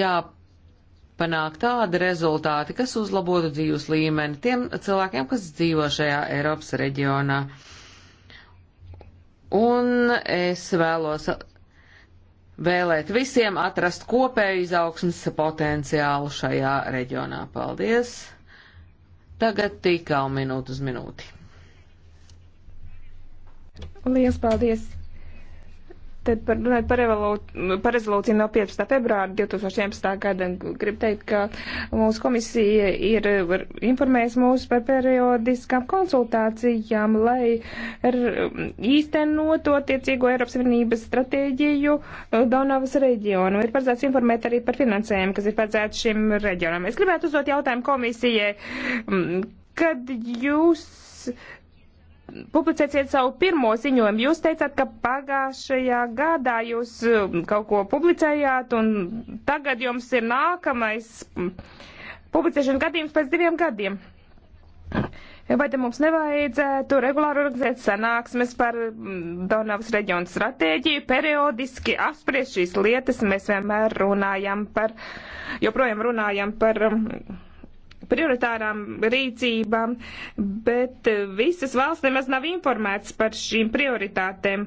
jāpanāk tādi rezultāti, kas uzlabotu dzīves līmeni tiem cilvēkiem, kas dzīvo šajā Eiropas reģionā. Un es vēlos vēlēt visiem atrast kopēju izaugsmas potenciālu šajā reģionā. Paldies! Tagad tikā minūte uz minūti. Lielas paldies! Tad par, par, par rezolūciju no 15. februāra 2011. gada gribu teikt, ka mūsu komisija ir informējusi mūs par periodiskām konsultācijām, lai īstenotu attiecīgo Eiropas Savienības stratēģiju uh, Donavas reģionu. Ir paredzēts informēt arī par finansējumu, kas ir paredzēts šim reģionam. Es gribētu uzdot jautājumu komisijai, mm, kad jūs publicēsiet savu pirmo ziņojumu. Jūs teicāt, ka pagājušajā gadā jūs um, kaut ko publicējāt, un tagad jums ir nākamais mm, publicēšanas gadījums pēc diviem gadiem. Vai te mums nevajadzētu regulāri organizēt sanāksmes par mm, Donavas reģionu stratēģiju, periodiski apspriest šīs lietas, mēs vienmēr runājam par, joprojām runājam par mm, prioritārām rīcībām, bet visas valsts nemaz nav informētas par šīm prioritātēm.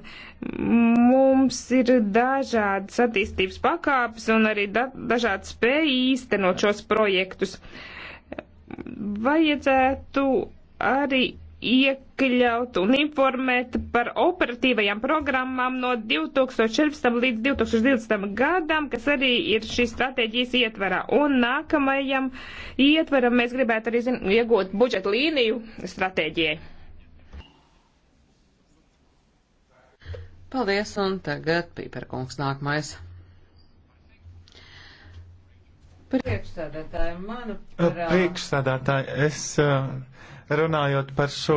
Mums ir dažādas attīstības pakāpes un arī da dažādi spēja īstenot šos projektus. Vajadzētu arī iekļaut un informēt par operatīvajām programmām no 2014. līdz 2020. gadam, kas arī ir šīs stratēģijas ietverā. Un nākamajam ietveram mēs gribētu arī zin, iegūt budžeta līniju stratēģijai. Paldies, un tagad Pīperkungs nākamais. Priekšsēdētāji, manuprāt. Priekšsēdētāji, es. Uh Runājot par šo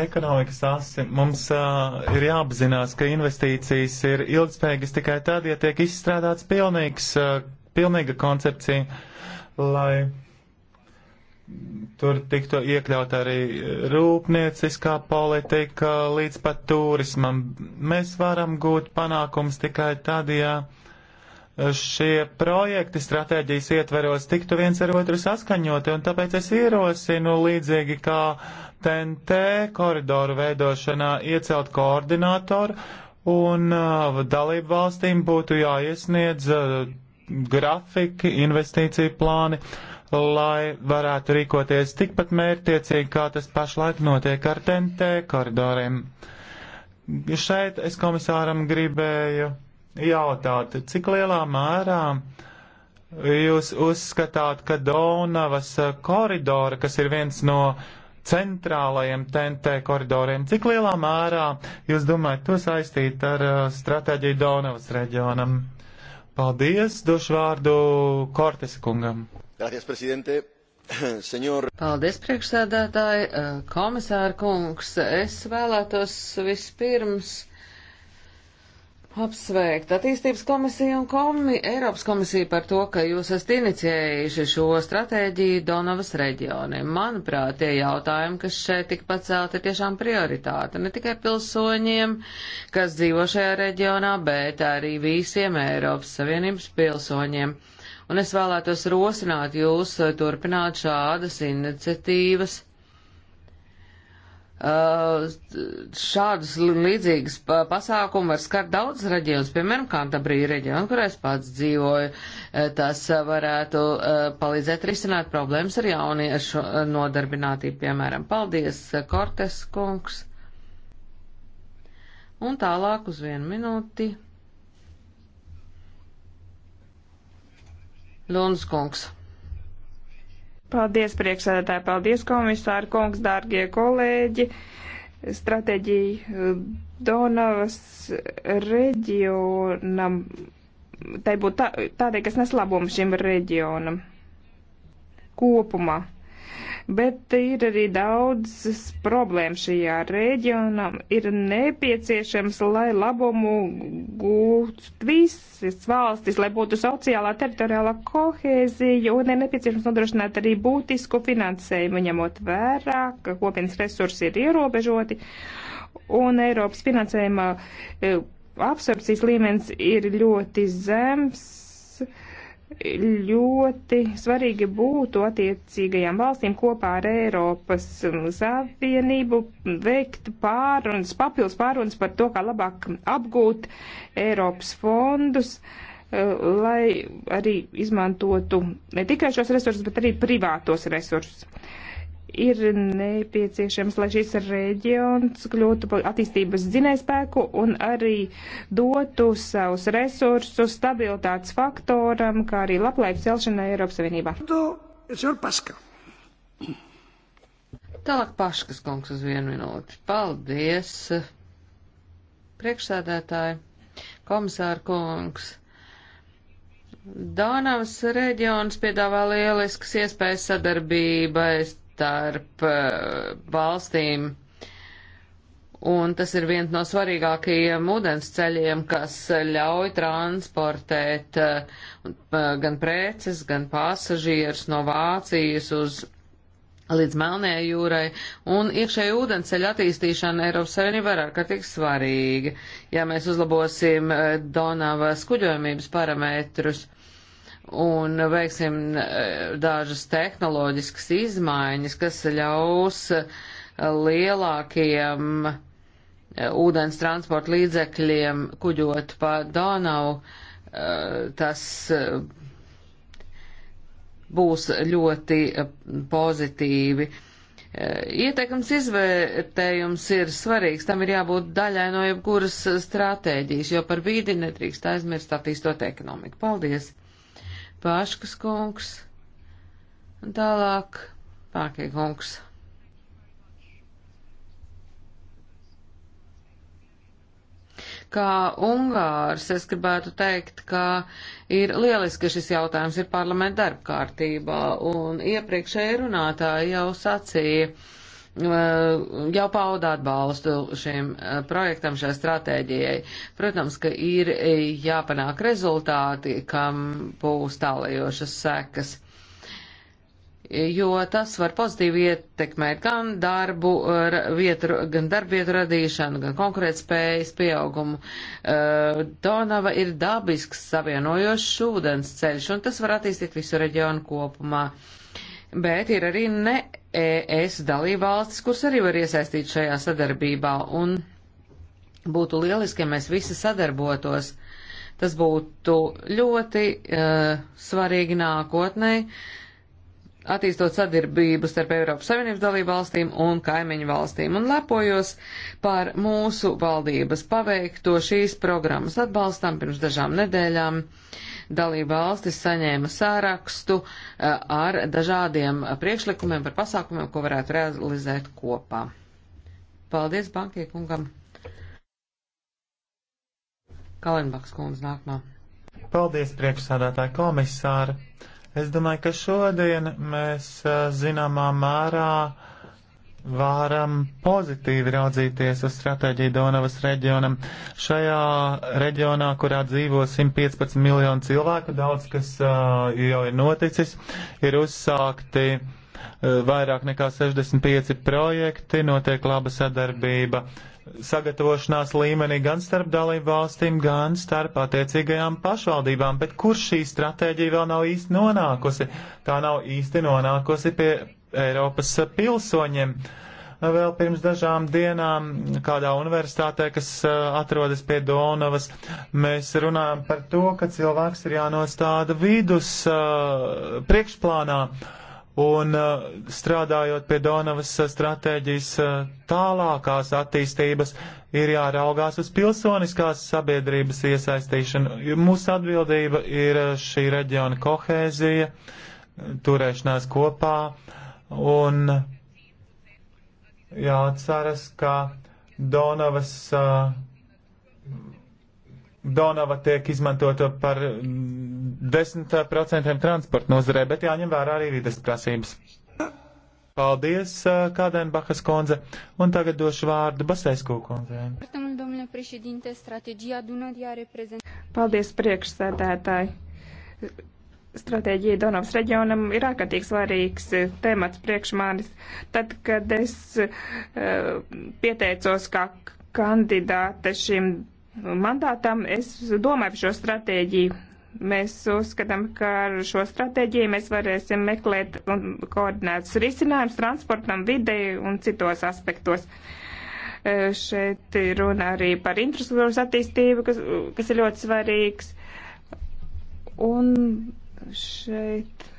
ekonomikas asi, mums uh, ir jāapzinās, ka investīcijas ir ilgspējīgas tikai tad, ja tiek izstrādāts pilnīgs, uh, pilnīga koncepcija, lai tur tiktu iekļaut arī rūpnieciskā politika līdz pat turismam. Mēs varam gūt panākums tikai tad, ja. Uh, šie projekti stratēģijas ietveros tiktu viens ar otru saskaņoti, un tāpēc es ierosinu līdzīgi kā TNT koridoru veidošanā iecelt koordinātoru, un uh, dalību valstīm būtu jāiesniedz uh, grafiki, investīciju plāni, lai varētu rīkoties tikpat mērtiecīgi, kā tas pašlaik notiek ar TNT koridoriem. Šeit es komisāram gribēju jautāt, cik lielā mērā jūs uzskatāt, ka Donavas eh, koridora, kas ir viens no centrālajiem TNT koridoriem, cik lielā mērā jūs domājat to saistīt ar eh, stratēģiju Donavas reģionam? Paldies, došu vārdu Kortes kungam. Gracias, presidente. Senor. Paldies, priekšsēdētāji. Eh, komisāra kungs, es vēlētos vispirms apsveikt attīstības komisiju un komi, Eiropas komisiju par to, ka jūs esat inicijējuši šo stratēģiju Donavas reģionim. Manuprāt, tie jautājumi, kas šeit tik pacelt, ir tiešām prioritāte ne tikai pilsoņiem, kas dzīvo šajā reģionā, bet arī visiem Eiropas Savienības pilsoņiem. Un es vēlētos rosināt jūs turpināt šādas iniciatīvas Uh, šādus līdzīgus pasākumus var skart daudz reģionus, piemēram, Kantabrija reģionu, kur es pats dzīvoju. Uh, tas varētu uh, palīdzēt risināt problēmas ar jauniešu nodarbinātību, piemēram. Paldies, Kortes kungs. Un tālāk uz vienu minūti. Lunds kungs. Paldies, priekšsēdētāji, paldies, komisāri, kungs, dārgie kolēģi. Stratēģija eh, Donavas reģionam, tai būtu tā, tādai, kas nes labumu šim reģionam kopumā bet ir arī daudz problēmas šajā reģionā. Ir nepieciešams, lai labumu gūst visas valstis, lai būtu sociālā teritoriālā kohēzija, un ir nepieciešams nodrošināt arī būtisku finansējumu, ņemot vērā, ka kopienas resursi ir ierobežoti, un Eiropas finansējuma eh, absorpcijas līmenis ir ļoti zems ļoti svarīgi būtu attiecīgajām valstīm kopā ar Eiropas Savienību veikt pārunas, papildus pārunas par to, kā labāk apgūt Eiropas fondus, eh, lai arī izmantotu ne tikai šos resursus, bet arī privātos resursus ir nepieciešams, lai šis reģions kļūtu par attīstības zinējspēku un arī dotu savus resursus stabilitātes faktoram, kā arī labklājības celšanai Eiropas Savienībā. Tālāk Paškas kungs uz vienu minūti. Paldies, priekšsēdētāji, komisāra kungs. Dānavas reģions piedāvā lieliskas iespējas sadarbībai starp eh, valstīm. Un tas ir viens no svarīgākajiem ūdensceļiem, kas ļauj transportēt eh, eh, gan preces, gan pasažierus no Vācijas uz līdz Melnējai jūrai, un iekšēja ūdenceļa attīstīšana Eiropas Savienībā ir ārkārtīgi svarīga, ja mēs uzlabosim Donavas kuģojumības parametrus. Uh, un veiksim e, dažas tehnoloģiskas izmaiņas, kas ļaus e, lielākiem e, ūdens transporta līdzekļiem kuģot pa Donau, tas būs ļoti pozitīvi. Ieteikums izvērtējums ir svarīgs, tam ir jābūt daļai no jebkuras stratēģijas, jo par vīdi nedrīkst aizmirst attīstot ekonomiku. Paldies! Paškas kungs un tālāk Pārkie kungs. kā Ungārs, es gribētu teikt, ka ir lieliski, ka šis jautājums ir parlamenta darba kārtībā, un iepriekšēji runātāji jau sacīja, jau pauda atbalstu šiem eh, projektam, šai stratēģijai. Protams, ka ir eh, jāpanāk rezultāti, kam būs tālajošas sekas jo tas var pozitīvi ietekmēt gan darbu, vietu, gan darbvietu radīšanu, gan konkurētspējas pieaugumu. Eh, Donava ir dabisks savienojošs ūdens ceļš, un tas var attīstīt visu reģionu kopumā. Bet ir arī ne ES dalībvalstis, kuras arī var iesaistīt šajā sadarbībā, un būtu lieliski, ja mēs visi sadarbotos. Tas būtu ļoti uh, svarīgi nākotnē, attīstot sadarbību starp Eiropas Savienības dalību valstīm un kaimiņu valstīm, un lepojos par mūsu valdības paveikto šīs programmas atbalstam pirms dažām nedēļām. Uh, dalība valstis saņēma sārakstu eh, ar dažādiem eh, priekšlikumiem par pasākumiem, ko varētu realizēt kopā. Paldies bankie kungam. Kalenbaks kundze nākamā. Paldies priekšsādātāja komisāra. Es domāju, ka šodien mēs eh, zināmā mērā uh, varam pozitīvi raudzīties uz stratēģiju Donavas reģionam. Šajā reģionā, kurā dzīvo 115 miljonu cilvēku, daudz kas uh, jau ir noticis, ir uzsākti uh, vairāk nekā 65 projekti, notiek laba sadarbība sagatavošanās līmenī gan starp dalību valstīm, gan starp attiecīgajām pašvaldībām, bet kur šī stratēģija vēl nav īsti nonākusi? Tā nav īsti nonākusi pie Eiropas pilsoņiem. Vēl pirms dažām dienām kādā universitātē, kas eh, atrodas pie Donavas, mēs runājam par to, ka cilvēks ir jānostāda vidus eh, priekšplānā. Uh, Un uh, strādājot pie Donavas uh, stratēģijas uh, tālākās attīstības, ir jāraugās uz pilsoniskās sabiedrības iesaistīšanu. Mūsu atbildība ir šī reģiona kohēzija, turēšanās kopā un jāatceras, ka Donavas uh, Donava tiek izmantota par 10% mm, transporta nozarē, bet jāņem vērā arī vides prasības. Paldies, Kādēnbahas kundze, un tagad došu vārdu Basēsku kundzei. Paldies, priekšsēdētāji. Stratēģija Donavas reģionam ir ārkārtīgi svarīgs temats priekš manis. Tad, kad es uh, pieteicos kā kandidāte šim mandātam. Es domāju par šo stratēģiju. Mēs uzskatām, ka ar šo stratēģiju mēs varēsim meklēt un koordinētus risinājumus transportam, videi un citos aspektos. E, šeit runa arī par infrastruktūras attīstību, kas, kas ir ļoti svarīgs. Un šeit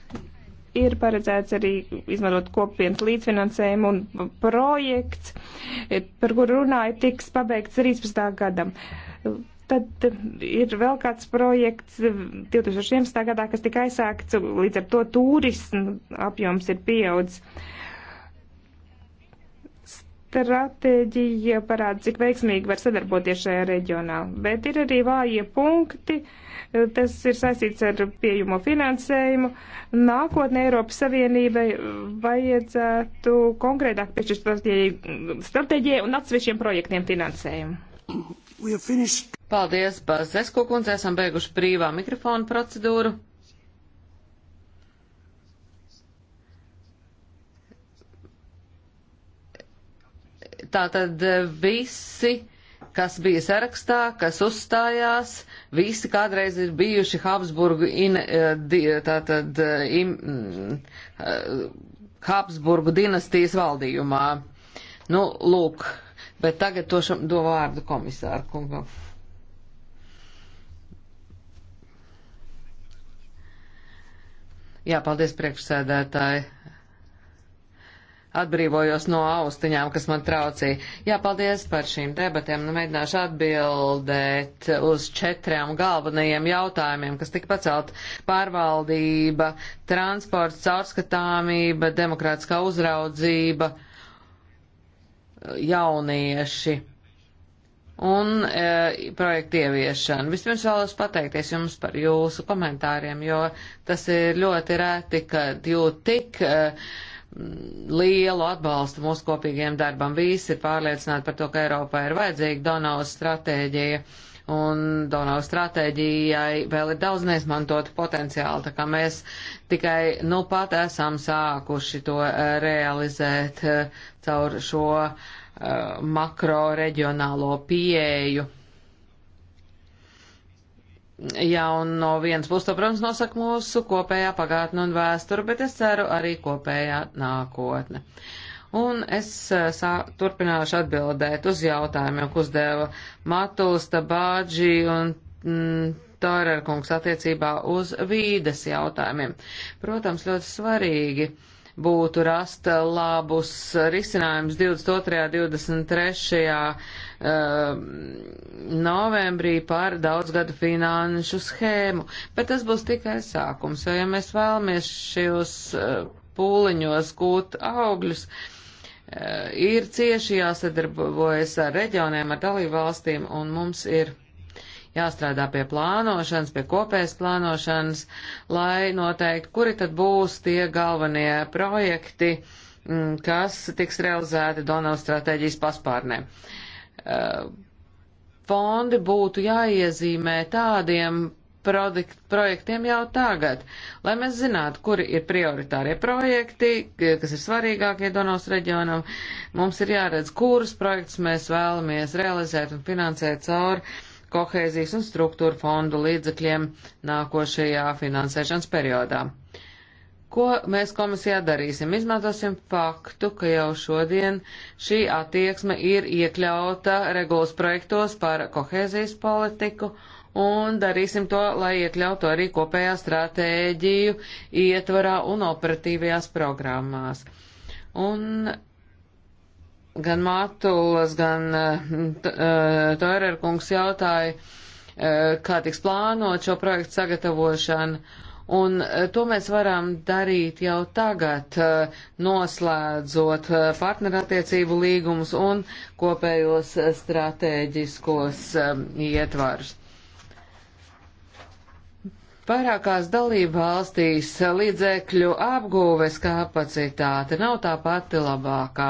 ir paredzēts arī izmantot kopienas līdzfinansējumu un projekts, par kuru runāja, tiks pabeigts 13. gadam. Tad ir vēl kāds projekts 2011. gadā, kas tika aizsākts, līdz ar to turismu apjoms ir pieaudzis stratēģija parāda, cik veiksmīgi var sadarboties šajā reģionā. Bet ir arī vājie punkti, tas ir saistīts ar pieejamo finansējumu. Nākotnē Eiropas Savienībai vajadzētu konkrētāk piešķirt stratēģijai un atsevišķiem projektiem finansējumu. Paldies, Bazesko kundze, esam beiguši brīvā mikrofona procedūru. Tātad eh, visi, kas bija sarakstā, kas uzstājās, visi kādreiz ir bijuši Habsburgu, in, eh, tātad, eh, im, mm, Habsburgu dinastijas valdījumā. Nu, lūk, bet tagad to šam do vārdu komisāru kungam. Jā, paldies priekšsēdētāji atbrīvojos no austiņām, kas man traucīja. Jā, paldies par šīm debatēm. Nu, mēģināšu atbildēt uz četriem galvenajiem jautājumiem, kas tika pacelt - pārvaldība, transports, caurskatāmība, demokrātiskā uzraudzība, jaunieši un e, projektu ieviešanu. Vispirms vēlos pateikties jums par jūsu komentāriem, jo tas ir ļoti reti, kad jūs tik. E, lielu atbalstu mūsu kopīgiem darbam. Visi ir pārliecināti par to, ka Eiropā ir vajadzīga Donavas stratēģija, un Donavas stratēģijai vēl ir daudz neizmantotu potenciālu, tā kā mēs tikai nu pat esam sākuši to eh, realizēt eh, caur šo uh, makro reģionālo pieeju. Jā, un no vienas puses, to, protams, nosaka mūsu kopējā pagātne un vēsture, bet es ceru arī kopējā nākotne. Un es eh, sā, turpināšu atbildēt uz jautājumiem, ko uzdeva Matuls, Tabāģi un mm, Tārerkungs attiecībā uz vīdes jautājumiem. Protams, ļoti svarīgi. Uh, būtu rast labus risinājumus 22. un 23. novembrī par daudzgadu finanšu schēmu. Bet tas būs tikai sākums, jo ja mēs vēlamies šajos eh, pūliņos gūt augļus, eh, ir cieši jāsadarbojas ar reģioniem, ar dalībvalstīm, un mums ir jāstrādā pie plānošanas, pie kopējas plānošanas, lai noteikti, kuri tad būs tie galvenie projekti, mm, kas tiks realizēti Donavas stratēģijas paspārnē. Eh, fondi būtu jāiezīmē tādiem produkt, projektiem jau tagad, lai mēs zinātu, kuri ir prioritārie projekti, kas ir svarīgākie Donavas reģionam. Mums ir jāredz, kurus projektus mēs vēlamies realizēt un finansēt caur uh, kohēzijas un struktūra fondu līdzekļiem nākošajā finansēšanas periodā. Ko mēs komisijā darīsim? Izmantosim faktu, ka jau šodien šī attieksme ir iekļauta regulas projektos par kohēzijas politiku un darīsim to, lai iekļautu arī kopējā stratēģiju ietvarā un operatīvajās programmās. Un gan Mātulas, gan uh, eh, eh, Toerer kungs jautāja, uh, kā tiks plānot šo projektu sagatavošanu. Un uh, to mēs varam darīt jau tagad, uh, noslēdzot uh, partnerattiecību līgumus un kopējos stratēģiskos ietvarus. Vairākās dalība valstīs līdzekļu apgūves kapacitāte nav tā pati labākā,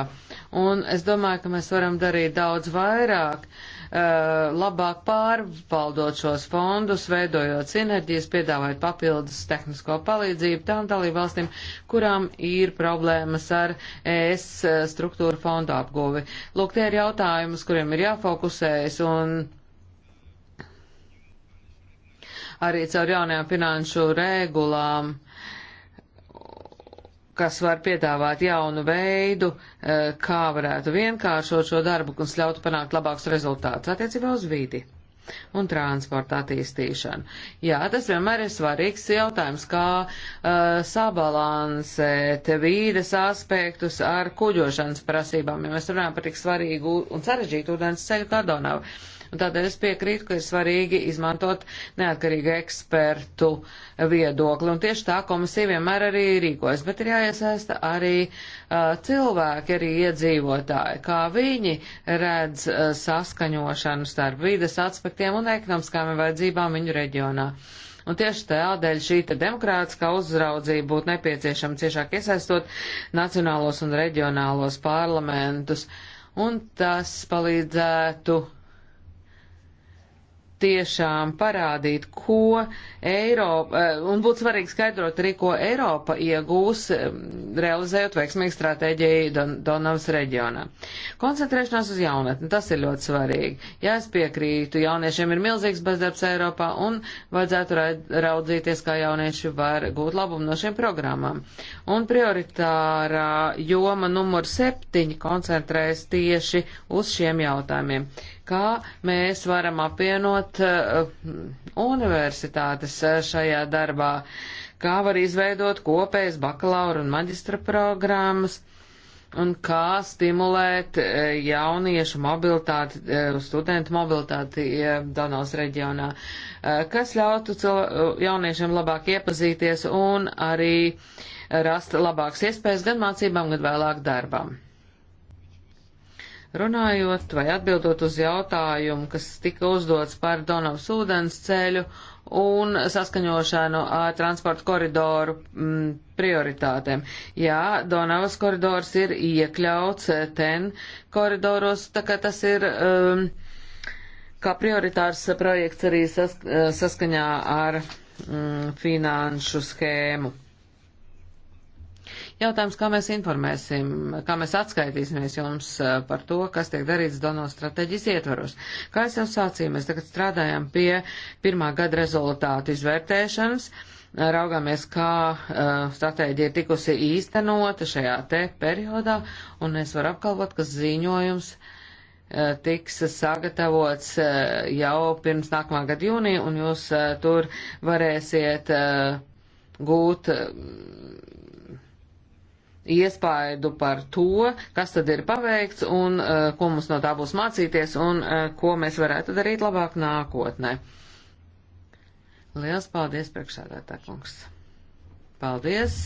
un es domāju, ka mēs varam darīt daudz vairāk, eh, labāk pārvaldot šos fondus, veidojot sinerģijas, piedāvājot papildus tehnisko palīdzību tām dalību valstīm, kurām ir problēmas ar ES eh, struktūra fondu apgūvi. Lūk, tie ir jautājumi, uz kuriem ir jāfokusējas, un arī caur jaunajām finanšu regulām, kas var piedāvāt jaunu veidu, eh, kā varētu vienkāršot šo darbu, kas ļautu panākt labākus rezultātus attiecībā uz vidi un transporta attīstīšanu. Jā, tas vienmēr ir svarīgs jautājums, kā uh, sabalansēt vīdes aspektus ar kuģošanas prasībām, ja mēs runājam par tik svarīgu un sarežģītu ūdens ceļu kā Donavu. Uh, Un tādēļ es piekrītu, ka ir svarīgi izmantot neatkarīgu ekspertu viedokli. Un tieši tā komisija vienmēr arī rīkojas, bet ir jāiesaista arī uh, cilvēki, arī iedzīvotāji, kā viņi redz uh, saskaņošanu starp vīdes aspektiem un ekonomiskām vajadzībām viņu reģionā. Un tieši tādēļ šī demokrātiskā uzraudzība būtu nepieciešama ciešāk iesaistot nacionālos un reģionālos parlamentus, un tas palīdzētu tiešām parādīt, ko Eiropa, eh, un būtu svarīgi skaidrot arī, ko Eiropa iegūs, eh, realizējot veiksmīgu stratēģiju Don Donavas reģionā. Koncentrēšanās uz jaunatni, tas ir ļoti svarīgi. Ja es piekrītu, jauniešiem ir milzīgs bezdarbs Eiropā, un vajadzētu raudzīties, kā jaunieši var gūt labumu no šiem programmām. Un prioritārā joma numur septiņi koncentrēs tieši uz šiem jautājumiem kā mēs varam apvienot eh, universitātes eh, šajā darbā, kā var izveidot kopējas bakalaura un maģistra programmas un kā stimulēt eh, jauniešu mobilitāti, studentu mobilitāti Donavas reģionā, kas ļautu jauniešiem labāk iepazīties un arī rast labākas iespējas gan mācībām, gan vēlāk darbām. Runājot vai atbildot uz jautājumu, kas tika uzdots par Donavas ūdens ceļu un saskaņošanu ar transporta koridoru m, mm, prioritātēm. Jā, Donavas koridors ir iekļauts ten koridoros, tā kā tas ir um, kā prioritārs projekts arī sask saskaņā ar mm, finanšu schēmu. Jautājums, kā mēs informēsim, kā mēs atskaitīsimies jums eh, par to, kas tiek darīts Dono strateģijas ietvaros. Kā es jau sācīju, mēs tagad strādājam pie pirmā gada rezultātu izvērtēšanas raugāmies, kā uh, stratēģija ir tikusi īstenota šajā te periodā, un es varu apkalpot, ka ziņojums uh, tiks sagatavots uh, jau pirms nākamā gada jūnija, un jūs tur varēsiet gūt iespaidu par to, kas tad ir paveikts un uh, ko mums no tā būs mācīties un uh, ko mēs varētu darīt labāk nākotnē. Liels paldies, priekšsēdētā kungs. Paldies,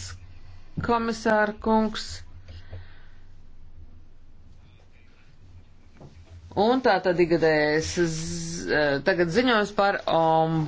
komisāra kungs. Un tā tad igadējas tagad ziņos par ombu.